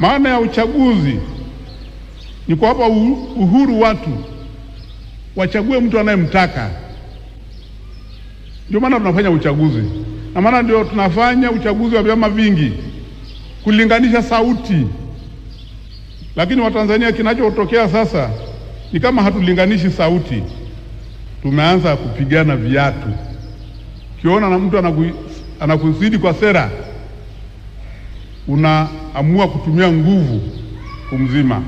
Maana ya uchaguzi ni kuwapa uhuru watu wachague mtu anayemtaka. Ndio maana tunafanya uchaguzi, na maana ndio tunafanya uchaguzi wa vyama vingi kulinganisha sauti. Lakini Watanzania, kinachotokea sasa ni kama hatulinganishi sauti, tumeanza kupigana viatu. Ukiona na mtu anakuzidi kwa sera unaamua kutumia nguvu kumzima.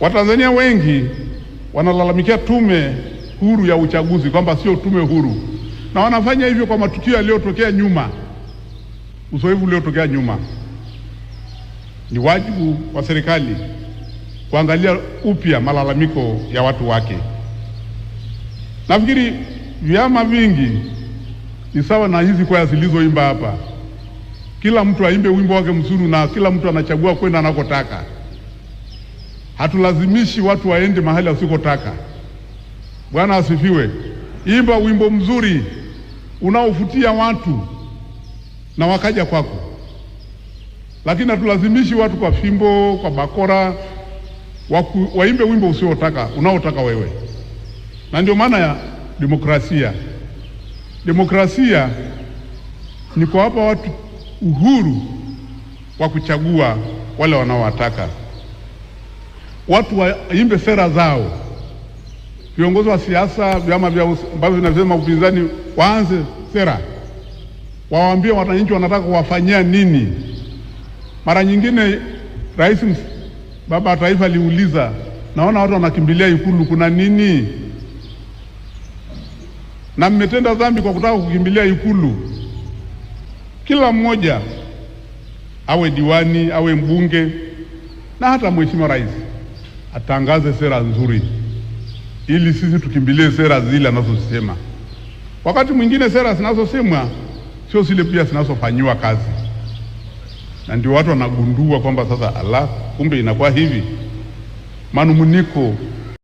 Watanzania wengi wanalalamikia tume huru ya uchaguzi kwamba sio tume huru, na wanafanya hivyo kwa matukio yaliyotokea nyuma, uzoefu uliotokea nyuma. Ni wajibu wa serikali kuangalia upya malalamiko ya watu wake. Nafikiri vyama vingi ni sawa na hizi kwaya zilizoimba hapa kila mtu aimbe wimbo wake mzuri na kila mtu anachagua kwenda anakotaka. Hatulazimishi watu waende mahali wasikotaka. Bwana asifiwe. Imba wimbo mzuri unaovutia watu na wakaja kwako, lakini hatulazimishi watu kwa fimbo, kwa bakora waku, waimbe wimbo usiotaka unaotaka wewe. Na ndio maana ya demokrasia. Demokrasia ni kuwapa watu uhuru wa kuchagua wale wanaowataka. Watu waimbe sera zao, viongozi wa siasa, vyama ambavyo vinasema upinzani, waanze sera, wawaambie wananchi wanataka kuwafanyia nini. Mara nyingine rais, baba wa taifa, aliuliza naona watu wanakimbilia Ikulu, kuna nini? Na mmetenda dhambi kwa kutaka kukimbilia Ikulu. Kila mmoja awe diwani awe mbunge na hata mheshimiwa rais atangaze sera nzuri, ili sisi tukimbilie sera zile anazosema. Wakati mwingine sera zinazosemwa sio zile pia zinazofanyiwa kazi, na ndio watu wanagundua kwamba sasa, ala, kumbe inakuwa hivi manumuniko